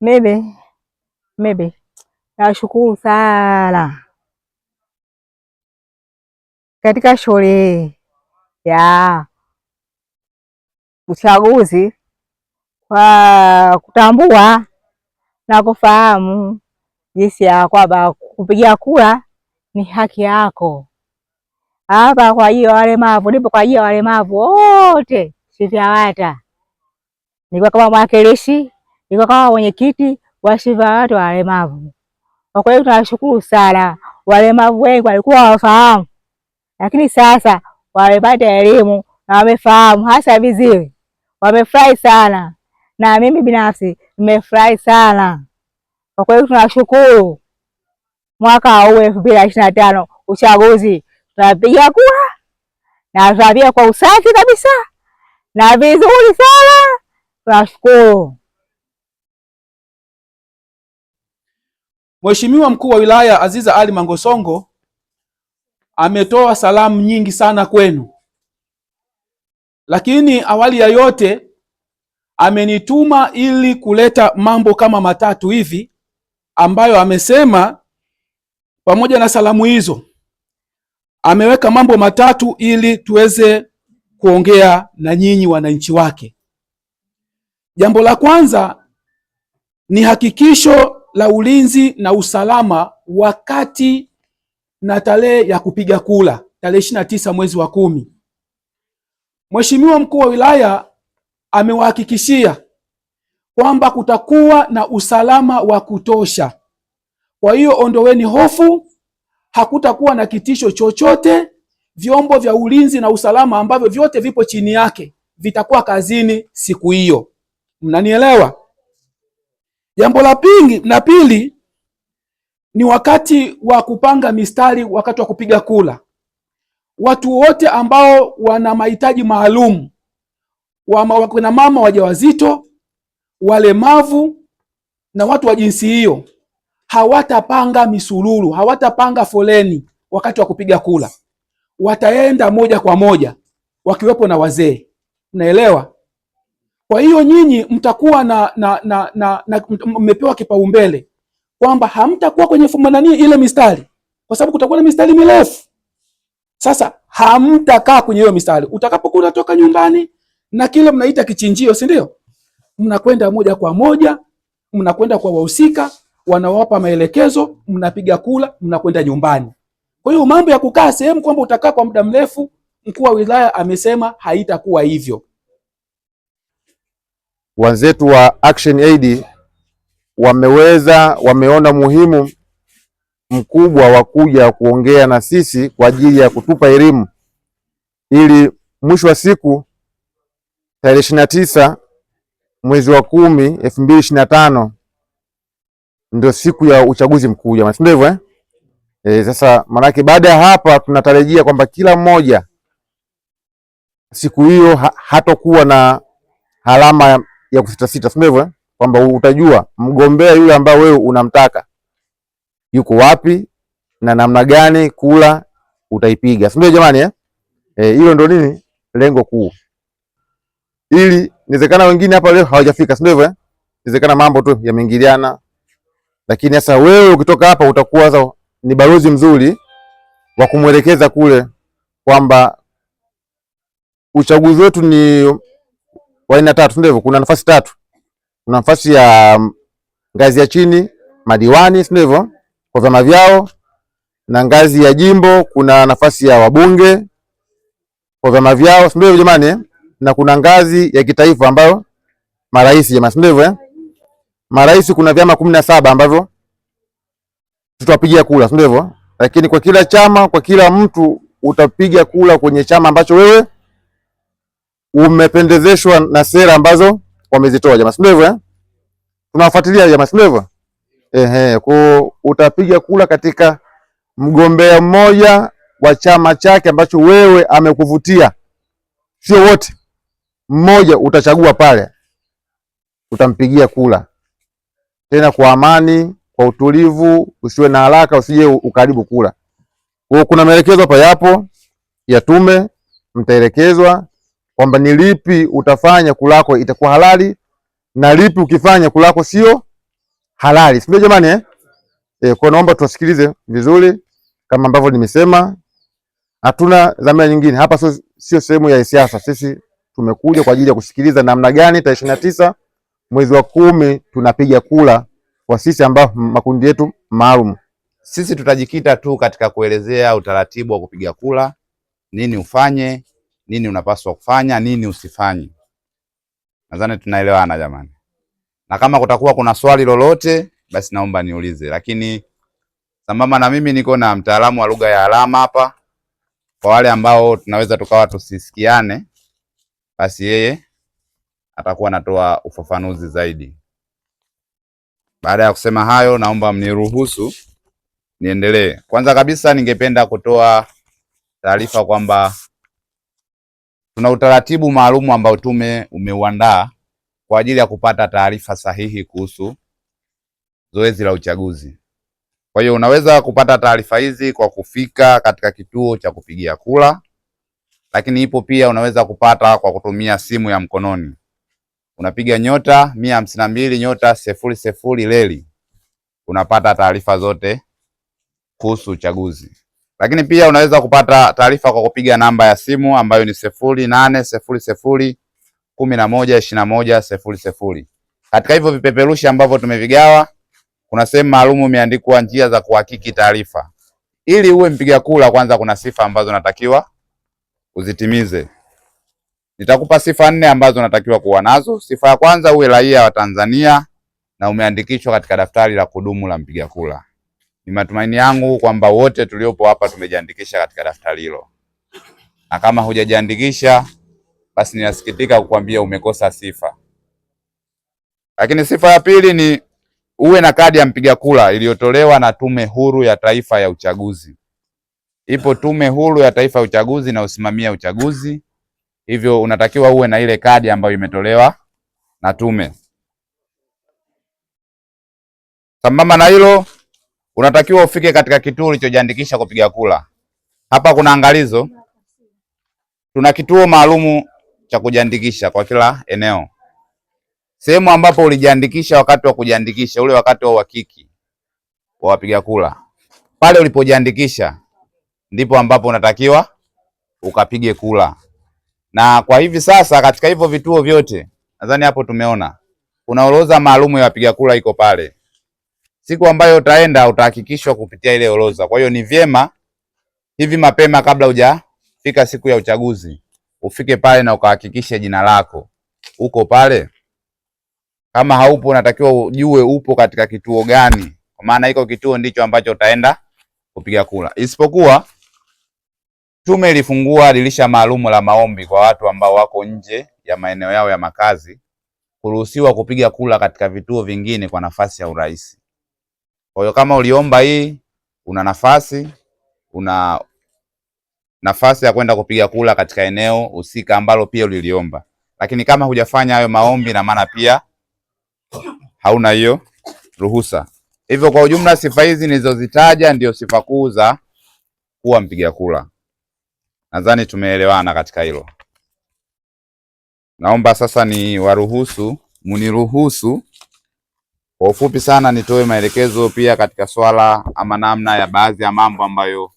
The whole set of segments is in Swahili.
Mebe, Mebe, nashukuru sana katika shule ya uchaguzi kwa kutambua na kufahamu jinsi ya kwamba kupiga kura ni haki yako hapa. Kwa hiyo walemavu, nipo kwa hiyo walemavu wote, SIVYAWATA, nilikuwa kama mwakilishi nikakaa wenyekiti wa shiva watu walemavu. Kwa kweli tunashukuru sana, walemavu wengi walikuwa wafahamu, lakini sasa wamepata elimu na wamefahamu, hasa viziwi wamefurahi sana, na mimi binafsi nimefurahi sana. Kwa kweli tunashukuru. Mwaka huu elfu mbili na ishirini na tano uchaguzi tunapiga kura na tunapiga kwa usafi kabisa na vizuri sana, tunashukuru. Mheshimiwa mkuu wa wilaya Aziza Ali Mangosongo ametoa salamu nyingi sana kwenu, lakini awali ya yote amenituma ili kuleta mambo kama matatu hivi ambayo amesema pamoja na salamu hizo ameweka mambo matatu ili tuweze kuongea na nyinyi wananchi wake. Jambo la kwanza ni hakikisho la ulinzi na usalama wakati na tarehe ya kupiga kura tarehe ishirini na tisa mwezi wa kumi. Mheshimiwa mkuu wa wilaya amewahakikishia kwamba kutakuwa na usalama wa kutosha. Kwa hiyo ondoweni hofu, hakutakuwa na kitisho chochote. Vyombo vya ulinzi na usalama ambavyo vyote vipo chini yake vitakuwa kazini siku hiyo, mnanielewa? Jambo la pili, na pili ni wakati wa kupanga mistari wakati wa kupiga kula. Watu wote ambao wana mahitaji maalum, wakina mama wajawazito, walemavu na watu wa jinsi hiyo, hawatapanga misululu, hawatapanga foleni wakati wa kupiga kula, wataenda moja kwa moja, wakiwepo na wazee. Naelewa kwa hiyo nyinyi mtakuwa na, na, na, na, na mmepewa kipaumbele kwamba hamtakuwa kwenye nani ile mistari, kwa sababu kutakuwa na mistari mirefu. Sasa hamtakaa kwenye hiyo mistari. Utakapokuwa unatoka nyumbani na kile mnaita kichinjio, si ndio? Mnakwenda moja kwa moja, mnakwenda kwa wahusika, wanawapa maelekezo, mnapiga kula, mnakwenda nyumbani. Kwa hiyo mambo ya kukaa sehemu kwamba utakaa kwa muda mrefu, mkuu wa wilaya amesema haitakuwa hivyo wenzetu wa Action Aid wameweza wameona muhimu mkubwa wa kuja kuongea na sisi kwa ajili ya kutupa elimu ili mwisho wa siku tarehe ishirini na tisa mwezi wa kumi elfu mbili ishirini na tano ndio siku ya uchaguzi mkuu jamani, si ndio hivyo eh? E, sasa maanake baada ya hapa tunatarajia kwamba kila mmoja siku hiyo ha, hatokuwa na alama ya sita, si hivyo? Eh? Kwamba utajua mgombea yule ambaye wewe unamtaka yuko wapi na namna gani kula utaipiga, si jamani eh? eh hilo e, ndo nini lengo kuu, ili niwezekana wengine hapa leo hawajafika, si hivyo? Eh? Niwezekana mambo tu yameingiliana, lakini sasa wewe ukitoka hapa utakuwa ni balozi mzuri wa kumwelekeza kule kwamba uchaguzi wetu ni wa aina tatu, ndio Kuna nafasi tatu, kuna nafasi ya mm, ngazi ya chini madiwani, si ndio kwa vyama vyao, na ngazi ya jimbo kuna nafasi ya wabunge kwa vyama vyao, si ndio jamani, eh? na kuna ngazi ya kitaifa ambayo marais jamani, si ndio eh? Marais kuna vyama kumi na saba ambavyo tutapiga kula, si ndio lakini kwa kila chama, kwa kila mtu utapiga kula kwenye chama ambacho wewe umependezeshwa na sera ambazo wamezitoa jamaa, si hivyo eh? Tunawafuatilia jamaa, si hivyo ehe. Kwa utapiga kula katika mgombea mmoja wa chama chake ambacho wewe amekuvutia, sio wote, mmoja utachagua pale, utampigia kula tena kwa amani, kwa utulivu, usiwe na haraka, usije ukaribu kula. Kwa kuna maelekezo hapa yapo ya tume, mtaelekezwa kwamba ni lipi utafanya kulako itakuwa halali na lipi ukifanya kulako sio halali, si jamani eh? E, kwa naomba tuwasikilize vizuri kama ambavyo nimesema, hatuna dhamira nyingine hapa, sio sio sehemu ya siasa. Sisi tumekuja kwa ajili ya kusikiliza namna gani tarehe ishirini na tisa mwezi wa kumi tunapiga kula kwa sisi ambao makundi yetu maalum. Sisi tutajikita tu katika kuelezea utaratibu wa kupiga kula, nini ufanye nini unapaswa kufanya, nini usifanye. Nadhani tunaelewana jamani, na kama kutakuwa kuna swali lolote, basi naomba niulize, lakini sambamba na mimi niko na mtaalamu wa lugha ya alama hapa, kwa wale ambao tunaweza tukawa tusisikiane, basi yeye atakuwa anatoa ufafanuzi zaidi. Baada ya kusema hayo, naomba mniruhusu niendelee. Kwanza kabisa, ningependa kutoa taarifa kwamba Tuna utaratibu maalumu ambao tume umeuandaa kwa ajili ya kupata taarifa sahihi kuhusu zoezi la uchaguzi. Kwa hiyo unaweza kupata taarifa hizi kwa kufika katika kituo cha kupigia kura, lakini ipo pia unaweza kupata kwa kutumia simu ya mkononi. Unapiga nyota mia hamsini na mbili nyota sefuri sefuri leli, unapata taarifa zote kuhusu uchaguzi. Lakini pia unaweza kupata taarifa kwa kupiga namba ya simu ambayo ni sifuri nane sifuri sifuri kumi na moja ishirini na moja sifuri sifuri. Katika hivyo vipeperushi ambavyo tumevigawa, kuna sehemu maalum imeandikwa njia za kuhakiki taarifa. Ili uwe mpiga kura, kwanza kuna sifa ambazo natakiwa uzitimize. Nitakupa sifa nne ambazo natakiwa kuwa nazo. Sifa ya kwanza, uwe raia wa Tanzania na umeandikishwa katika daftari la kudumu la mpiga kura. Ni matumaini yangu kwamba wote tuliopo hapa tumejiandikisha katika daftari hilo, na kama hujajiandikisha, basi ninasikitika kukwambia umekosa sifa. Lakini sifa ya pili ni uwe na kadi ya mpiga kura iliyotolewa na Tume Huru ya Taifa ya Uchaguzi. Ipo Tume Huru ya Taifa ya Uchaguzi na usimamia uchaguzi, hivyo unatakiwa uwe na ile kadi ambayo imetolewa na tume. Sambamba na hilo unatakiwa ufike katika kituo ulichojiandikisha kupiga kura. Hapa kuna angalizo, tuna kituo maalumu cha kujiandikisha kwa kila eneo. Sehemu ambapo ulijiandikisha wakati wa kujiandikisha, ule wakati wa uhakiki wa wapiga kura, pale ulipojiandikisha ndipo ambapo unatakiwa ukapige kura. Na kwa hivi sasa katika hivyo vituo vyote, nadhani hapo tumeona kuna orodha maalumu ya wapiga kura iko pale siku ambayo utaenda utahakikishwa kupitia ile orodha. Kwa hiyo ni vyema hivi mapema kabla hujafika siku ya uchaguzi ufike pale na ukahakikishe jina lako uko pale. Kama haupo, unatakiwa ujue upo katika kituo gani, kwa maana iko kituo ndicho ambacho utaenda kupiga kura. Isipokuwa tume ilifungua dirisha maalumu la maombi kwa watu ambao wako nje ya maeneo yao ya makazi kuruhusiwa kupiga kura katika vituo vingine kwa nafasi ya urais. Kwa hiyo kama uliomba hii, una nafasi, una nafasi ya kwenda kupiga kura katika eneo husika ambalo pia uliliomba. Lakini kama hujafanya hayo maombi, na maana pia hauna hiyo ruhusa. Hivyo kwa ujumla, sifa hizi nilizozitaja ndio sifa kuu za kuwa mpiga kura. Nadhani tumeelewana katika hilo. Naomba sasa ni waruhusu, muniruhusu kwa ufupi sana nitoe maelekezo pia katika swala ama namna ya baadhi ya mambo ambayo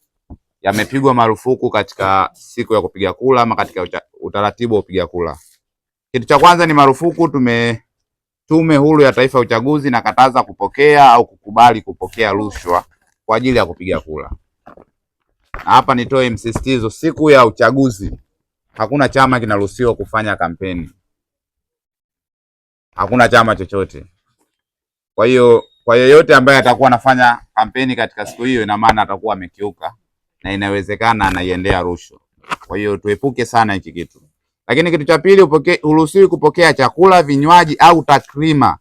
yamepigwa marufuku katika siku ya kupiga kura ama katika utaratibu wa kupiga kura. Kitu cha kwanza ni marufuku tume Tume Huru ya Taifa ya Uchaguzi na kataza kupokea au kukubali kupokea rushwa kwa ajili ya kupiga kura. Na hapa nitoe msisitizo, siku ya uchaguzi hakuna chama kinaruhusiwa kufanya kampeni, hakuna chama chochote. Kwa hiyo kwa yeyote ambaye atakuwa anafanya kampeni katika siku hiyo, ina maana atakuwa amekiuka na inawezekana anaiendea rushwa. Kwa hiyo tuepuke sana hiki kitu. Lakini kitu cha pili, huruhusiwi kupokea chakula, vinywaji au takrima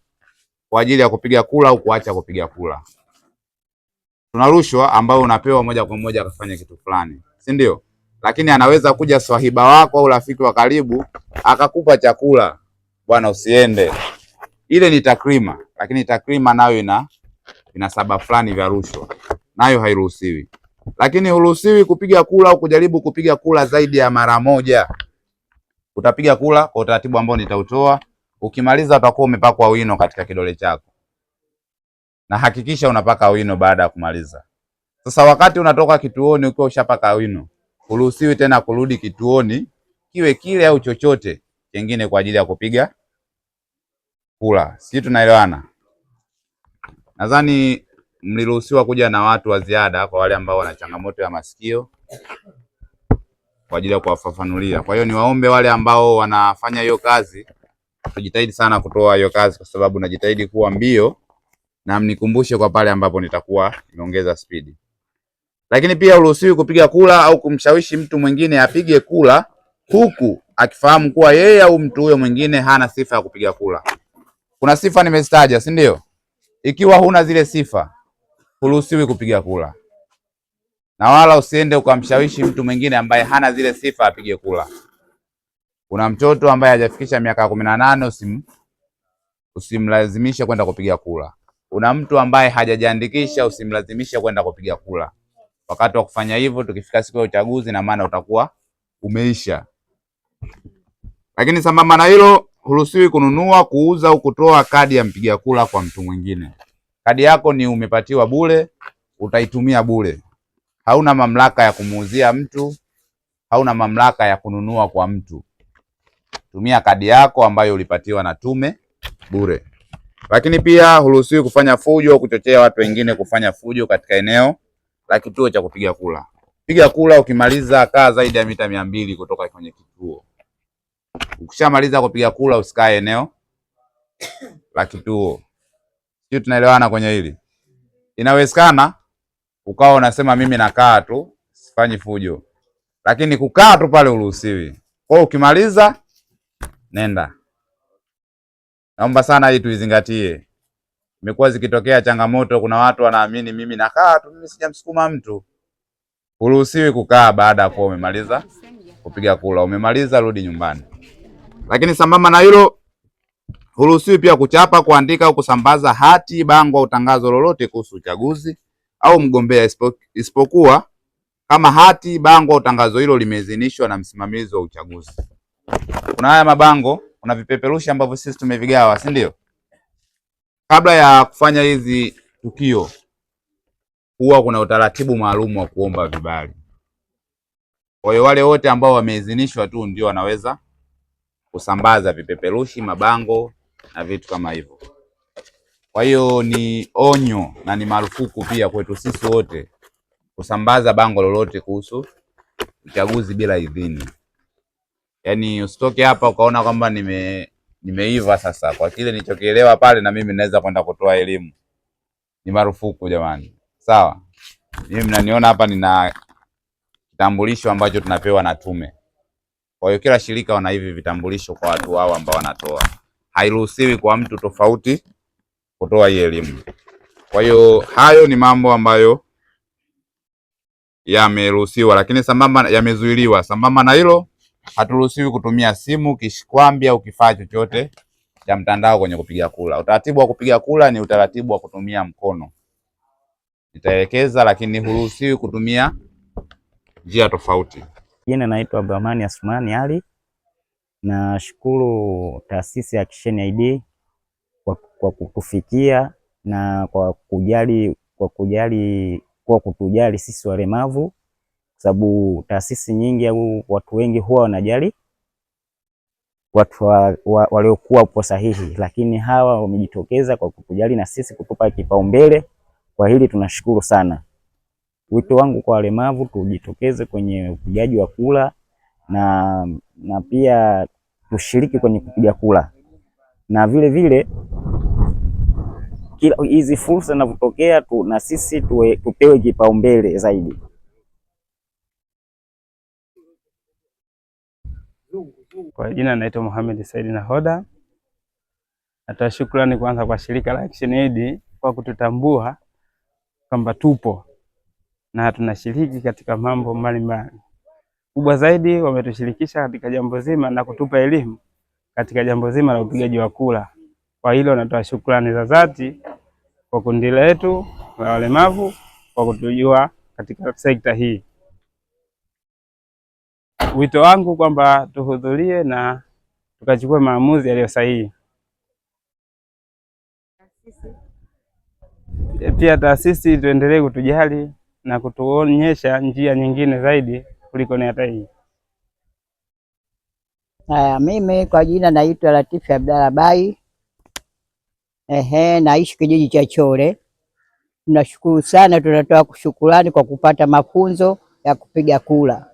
kwa ajili ya kupiga kula au kuacha kupiga kula. Tuna rushwa ambayo unapewa moja kwa moja akafanya kitu fulani, si ndio? Lakini anaweza kuja swahiba wako au rafiki wa karibu akakupa chakula, bwana, usiende. Ile ni takrima lakini takrima nayo ina ina saba fulani vya rushwa, nayo hairuhusiwi. Lakini huruhusiwi kupiga kula au kujaribu kupiga kula zaidi ya mara moja. Utapiga kula kwa utaratibu ambao nitautoa. Ukimaliza utakuwa umepakwa wino katika kidole chako, na hakikisha unapaka wino baada ya kumaliza. Sasa wakati unatoka kituoni ukiwa ushapaka wino, huruhusiwi tena kurudi kituoni kiwe kile au chochote kingine kwa ajili ya kupiga kula, Sisi tunaelewana? Nadhani mliruhusiwa kuja na watu wa ziada kwa wale ambao wana changamoto ya masikio kwa ajili ya kuwafafanulia. Kwa hiyo niwaombe wale ambao wanafanya hiyo kazi, tujitahidi sana kutoa hiyo kazi, kwa sababu najitahidi kuwa mbio, na mnikumbushe kwa pale ambapo nitakuwa nimeongeza spidi. Lakini pia uruhusiwi kupiga kula au kumshawishi mtu mwingine apige kula huku akifahamu kuwa yeye au mtu huyo mwingine hana sifa ya kupiga kula. Kuna sifa nimezitaja, si ndio? Ikiwa huna zile sifa, huruhusiwi kupiga kula, na wala usiende ukamshawishi mtu mwingine ambaye hana zile sifa apige kula. Kuna mtoto ambaye hajafikisha miaka kumi na nane, usim usimlazimishe kwenda kupiga kula. Kuna mtu ambaye hajajiandikisha, usimlazimishe kwenda kupiga kula. Wakati wa kufanya hivyo, tukifika siku ya uchaguzi, na maana utakuwa umeisha. Lakini sambamba na hilo huruhusiwi kununua, kuuza au kutoa kadi ya mpiga kura kwa mtu mwingine. Kadi yako ni umepatiwa bure, utaitumia bure. Hauna mamlaka ya kumuuzia mtu, hauna mamlaka ya kununua kwa mtu. Tumia kadi yako ambayo ulipatiwa na tume bure. Lakini pia huruhusiwi kufanya fujo au kuchochea watu wengine kufanya fujo katika eneo la kituo cha kupiga kura. Piga kura, ukimaliza kaa zaidi ya mita mia mbili kutoka kwenye kituo. Ukishamaliza kupiga kula usikae eneo la kituo. Sio, tunaelewana kwenye hili? Inawezekana ukawa unasema mimi nakaa tu sifanyi fujo, lakini kukaa tu pale uruhusiwi. Kwa hiyo ukimaliza nenda. Naomba sana hii tuizingatie. Imekuwa zikitokea changamoto, kuna watu wanaamini mimi nakaa tu, mimi sijamsukuma mtu. Huruhusiwi kukaa baada ya kuwa umemaliza kupiga kula. Umemaliza, rudi nyumbani. Lakini sambamba na hilo, huruhusiwi pia kuchapa, kuandika au kusambaza hati, bango au tangazo lolote kuhusu uchaguzi au mgombea, isipokuwa kama hati, bango au tangazo hilo limeidhinishwa na msimamizi wa uchaguzi. Kuna haya mabango, kuna vipeperushi ambavyo sisi tumevigawa, si ndio? Kabla ya kufanya hizi tukio, huwa kuna utaratibu maalum wa kuomba vibali. Kwa hiyo wale wote ambao wameidhinishwa tu ndio wanaweza kusambaza vipeperushi, mabango na vitu kama hivyo. Kwa hiyo ni onyo na ni marufuku pia kwetu sisi wote kusambaza bango lolote kuhusu uchaguzi bila idhini. Yaani usitoke hapa ukaona kwamba nime nimeiva sasa kwa kile nilichokielewa pale, na mimi naweza kwenda kutoa elimu. Ni marufuku jamani, sawa? Mimi mnaniona hapa nina kitambulisho ambacho tunapewa na tume. Kwa hiyo kila shirika wana hivi vitambulisho kwa watu wao ambao wanatoa. Hairuhusiwi kwa mtu tofauti kutoa hii elimu. Kwa hiyo hayo ni mambo ambayo yameruhusiwa, lakini sambamba yamezuiliwa. Sambamba na hilo, haturuhusiwi kutumia simu, kishikwambi au kifaa chochote cha mtandao kwenye kupiga kura. Utaratibu wa kupiga kura ni utaratibu wa kutumia mkono, nitaelekeza, lakini huruhusiwi kutumia njia tofauti. Jina naitwa Abdurahmani Asmani Ali. Nashukuru taasisi ya Kishen Aid kwa, kwa kutufikia na kwa kujali kwa kujali kwa kutujali sisi walemavu, kwa sababu taasisi nyingi au watu wengi huwa wanajali watu wa, wa, waliokuwa upo sahihi, lakini hawa wamejitokeza kwa kutujali na sisi kutupa kipaumbele. Kwa hili tunashukuru sana. Wito wangu kwa walemavu, tujitokeze kwenye upigaji wa kula na, na pia tushiriki kwenye kupiga kula na vile vile kila hizi fursa zinavyotokea tu, na sisi tuwe, tupewe kipaumbele zaidi. Kwa jina naitwa Mohamed Said Nahoda. Natoa shukrani kwanza kwa shirika la Action Aid kwa kututambua kwamba tupo na tunashiriki katika mambo mbalimbali. Kubwa zaidi, wametushirikisha katika jambo zima na kutupa elimu katika jambo zima la upigaji wa kura. Kwa hilo natoa shukrani za dhati kwa kundi letu la walemavu kwa kutujua katika sekta hii. Wito wangu kwamba tuhudhurie na tukachukua maamuzi yaliyo sahihi. Pia taasisi tuendelee kutujali na kutuonyesha njia nyingine zaidi kuliko ni hata hii. Haya, mimi kwa jina naitwa Latifi Abdalla Bai. Ehe, naishi kijiji cha Chole. Tunashukuru sana, tunatoa kushukurani kwa kupata mafunzo ya kupiga kura.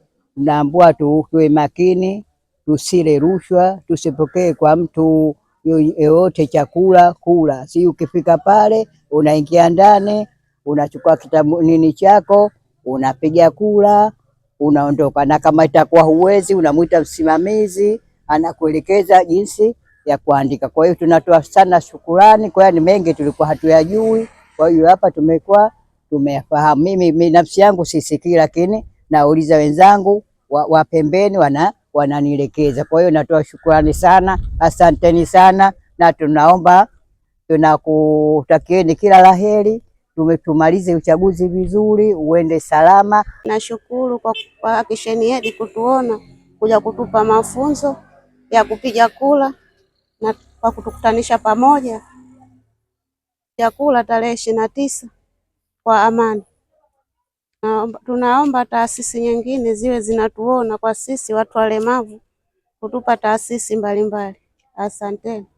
tu tuwe makini, tusile rushwa, tusipokee kwa mtu yoyote chakula kula, si ukifika pale unaingia ndani unachukua kitabu nini chako unapiga kula, unaondoka, na kama itakuwa huwezi, unamwita msimamizi anakuelekeza jinsi ya kuandika. Kwa hiyo tunatoa sana shukurani, kwa ni mengi tulikuwa hatuyajui, kwa hiyo hapa tumekuwa tumeyafahamu. Mimi nafsi yangu sisikii, lakini nauliza wenzangu wa, wa pembeni wana wananielekeza. Kwa hiyo natoa shukurani sana, asanteni sana, na tunaomba tunakutakieni kila laheri tumalize uchaguzi vizuri, uende salama. Nashukuru kwa, kwa kisheni kutuona kuja kutupa mafunzo ya kupiga kula na kwa kutukutanisha pamoja ya kula tarehe ishirini na tisa kwa amani. Tunaomba taasisi nyingine ziwe zinatuona kwa sisi watu walemavu, kutupa taasisi mbalimbali. Asanteni.